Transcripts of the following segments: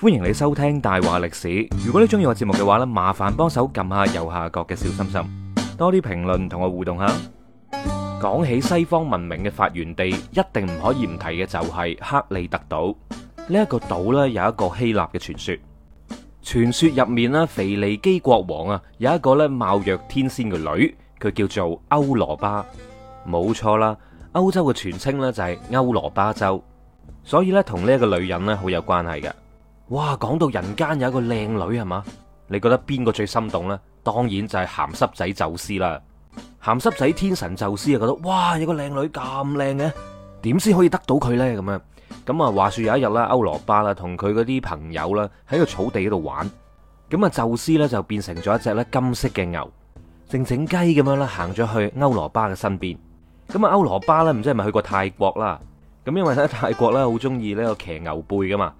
歡迎你收聽大話歷史。如果你中意我節目嘅話呢，麻煩幫手撳下右下角嘅小心心，多啲評論同我互動下。講起西方文明嘅發源地，一定唔可以唔提嘅就係克里特島。呢一個島呢，有一個希臘嘅傳說，傳說入面呢，腓尼基國王啊有一個呢貌若天仙嘅女，佢叫做歐羅巴。冇錯啦，歐洲嘅全稱呢，就係歐羅巴洲。所以呢，同呢一個女人呢，好有關係嘅。哇，講到人間有一個靚女係嘛，你覺得邊個最心動呢？當然就係咸濕仔宙斯啦。咸濕仔天神宙斯啊，覺得「哇，有個靚女咁靚嘅，點先可以得到佢呢？」咁樣咁啊，話說有一日啦，歐羅巴啦同佢嗰啲朋友啦喺個草地嗰度玩，咁啊宙斯咧就變成咗一隻咧金色嘅牛，靜靜雞咁樣啦行咗去歐羅巴嘅身邊。咁啊歐羅巴咧唔知係咪去過泰國啦？咁因為咧泰國咧好中意呢個騎牛背噶嘛。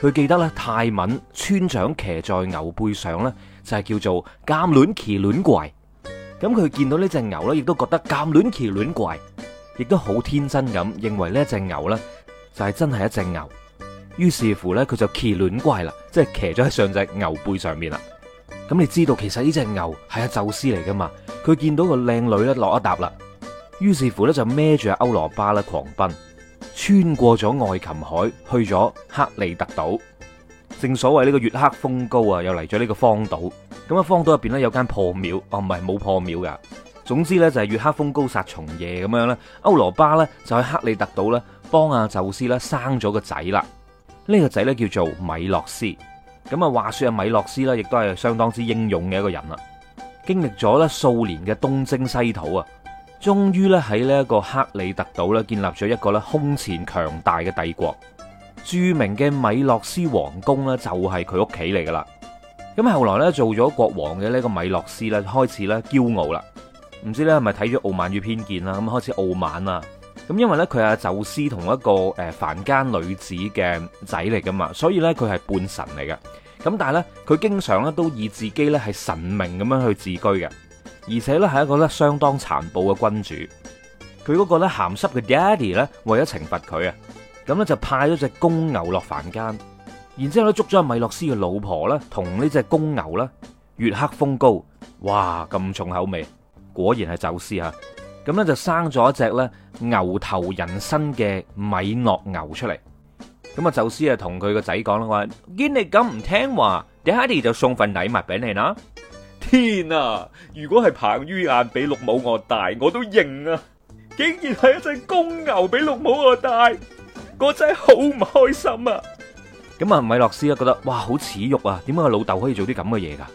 佢記得泰文村長騎在牛背上，就係叫做咁撚騎撚怪。咁佢見到呢隻牛呢，亦都覺得咁撚騎撚怪。亦都好天真咁，認為呢隻牛呢，就係真係一隻牛。於是乎呢，佢就騎撚怪啦，即係騎咗喺上隻牛背上面啦。咁你知道其實呢隻牛係阿宙斯嚟㗎嘛，佢見到個靚女落一搭啦。於是乎呢，就孭住阿歐羅巴啦，狂奔。穿過咗愛琴海，去咗克里特島。正所謂呢個月黑風高啊，又嚟咗呢個荒島。咁啊，荒島入邊呢有間破廟，哦唔係冇破廟噶。總之呢，就係月黑風高殺蟲夜咁樣咧，歐羅巴呢，就喺克里特島呢幫阿宙斯呢生咗個仔啦。呢個仔呢，叫做米洛斯。咁啊，話說阿米洛斯呢，亦都係相當之英勇嘅一個人啦。經歷咗咧數年嘅東征西討啊！終於咧喺呢一個克里特島咧建立咗一個咧空前強大嘅帝國，著名嘅米洛斯皇宮咧就係佢屋企嚟噶啦。咁後來咧做咗國王嘅呢個米洛斯咧開始咧驕傲啦，唔知咧係咪睇咗傲慢與偏見啦，咁開始傲慢啦。咁因為咧佢係宙斯同一個誒凡間女子嘅仔嚟噶嘛，所以咧佢係半神嚟嘅。咁但係咧佢經常咧都以自己咧係神明咁樣去自居嘅。而且咧係一個咧相當殘暴嘅君主，佢嗰個咧鹹濕嘅爹哋咧，為咗懲罰佢啊，咁咧就派咗隻公牛落凡間，然之後咧捉咗阿米洛斯嘅老婆啦，同呢隻公牛啦，月黑風高，哇咁重口味，果然係宙斯啊，咁咧就生咗一隻咧牛頭人身嘅米諾牛出嚟，咁啊宙斯啊同佢個仔講啦，喂見你咁唔聽話，爹哋就送份禮物俾你啦。天啊！如果係彭于晏比綠帽我戴，我都認啊！竟然係一隻公牛比綠帽我戴，我真係好唔開心啊！咁啊，米諾斯啊覺得哇，好恥辱啊！點解個老豆可以做啲咁嘅嘢噶？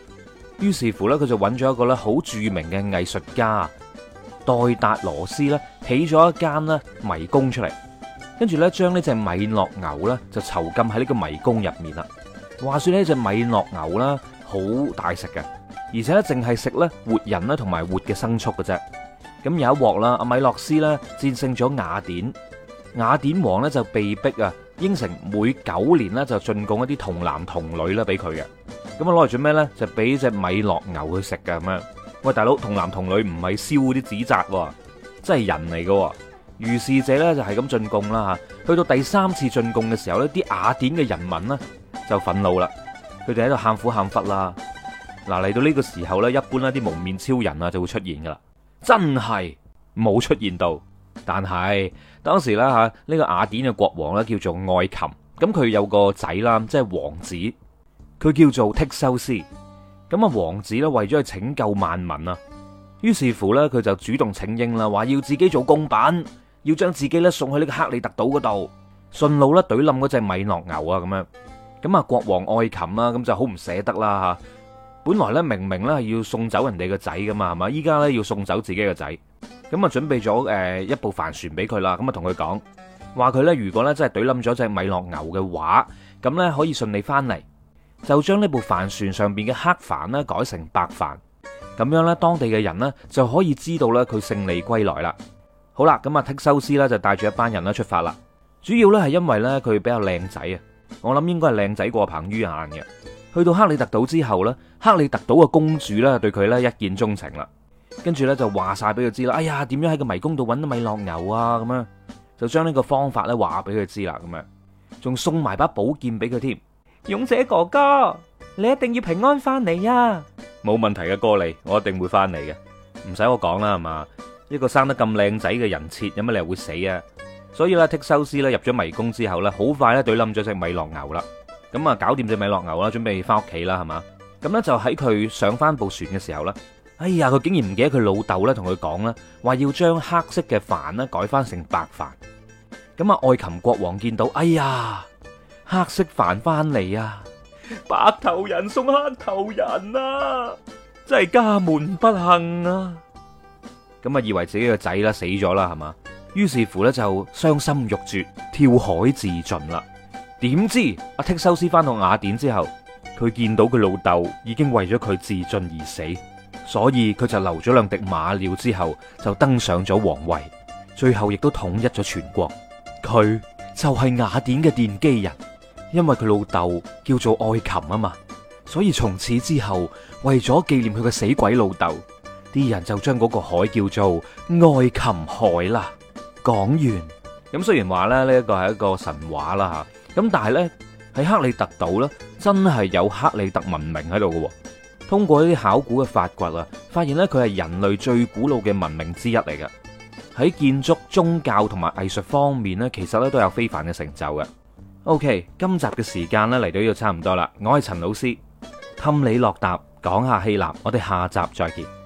於是乎咧，佢就揾咗一個咧好著名嘅藝術家代達羅斯咧，起咗一間咧迷宮出嚟，跟住咧將呢隻米諾牛咧就囚禁喺呢個迷宮入面啦。話說呢隻米諾牛啦。好大食嘅，而且咧淨係食咧活人啦，同埋活嘅牲畜嘅啫。咁有一鍋啦，阿米洛斯咧戰勝咗雅典，雅典王咧就被逼啊應承每九年咧就進貢一啲童男童女啦俾佢嘅。咁啊攞嚟做咩咧？就俾隻米洛牛去食嘅咁樣。喂，大佬，童男童女唔係燒啲紙紮，真係人嚟嘅哦。如是者咧就係咁進貢啦吓。去到第三次進貢嘅時候咧，啲雅典嘅人民呢就憤怒啦。佢哋喺度喊苦喊忽啦，嗱，嚟到呢個時候咧，一般咧啲蒙面超人啊就會出現噶啦，真係冇出現到。但係當時咧吓，呢個雅典嘅國王咧叫做愛琴，咁佢有個仔啦，即係王子，佢叫做忒修斯。咁啊王子咧為咗去拯救萬民啊，於是乎呢，佢就主動請纓啦，話要自己做貢品，要將自己咧送去呢個克里特島嗰度，順路呢，懟冧嗰隻米諾牛啊咁樣。咁啊，國王愛琴啦，咁就好唔捨得啦吓。本來咧，明明咧係要送走人哋個仔噶嘛，係嘛？依家咧要送走自己個仔，咁啊，準備咗誒、呃、一部帆船俾佢啦。咁啊，同佢講話佢咧，如果咧真係懟冧咗隻米諾牛嘅話，咁咧可以順利翻嚟，就將呢部帆船上邊嘅黑帆咧改成白帆，咁樣咧當地嘅人呢就可以知道咧佢勝利歸來啦。好啦，咁啊，剔修斯咧就帶住一班人啦出發啦，主要咧係因為咧佢比較靚仔啊。我諗應該係靚仔過彭于晏嘅。去到克里特島之後咧，克里特島嘅公主咧對佢咧一見鐘情啦，跟住咧就話晒俾佢知啦。哎呀，點樣喺個迷宮度搵到米洛牛啊？咁樣，就將呢個方法咧話俾佢知啦。咁樣，仲送埋把寶劍俾佢添。勇者哥哥，你一定要平安翻嚟啊！冇問題嘅，哥利，我一定會翻嚟嘅。唔使我講啦，係嘛？一個生得咁靚仔嘅人設，有乜理由會死啊？所以咧，剔修斯咧入咗迷宮之後咧，好快咧懟冧咗隻米諾牛啦。咁啊，搞掂隻米諾牛啦，準備翻屋企啦，係嘛？咁咧就喺佢上翻部船嘅時候咧。哎呀，佢竟然唔記得佢老豆咧同佢講啦，話要將黑色嘅帆咧改翻成白帆。咁啊，愛琴國王見到，哎呀，黑色帆翻嚟啊！白頭人送黑頭人啊，真係家門不幸啊！咁啊，以為自己個仔啦死咗啦，係嘛？於是乎咧，就傷心欲絕，跳海自盡啦。點知阿、啊、剔修斯翻到雅典之後，佢見到佢老豆已經為咗佢自盡而死，所以佢就留咗兩滴馬尿之後，就登上咗皇位，最後亦都統一咗全國。佢就係雅典嘅奠基人，因為佢老豆叫做愛琴啊嘛，所以從此之後，為咗紀念佢嘅死鬼老豆，啲人就將嗰個海叫做愛琴海啦。講完，咁雖然話咧呢一個係一個神話啦吓，咁但係呢，喺克里特島呢，真係有克里特文明喺度嘅，通過呢啲考古嘅發掘啊，發現呢，佢係人類最古老嘅文明之一嚟嘅，喺建築、宗教同埋藝術方面呢，其實呢都有非凡嘅成就嘅。OK，今集嘅時間呢，嚟到呢度差唔多啦，我係陳老師，氹你落答，講下希臘，我哋下集再見。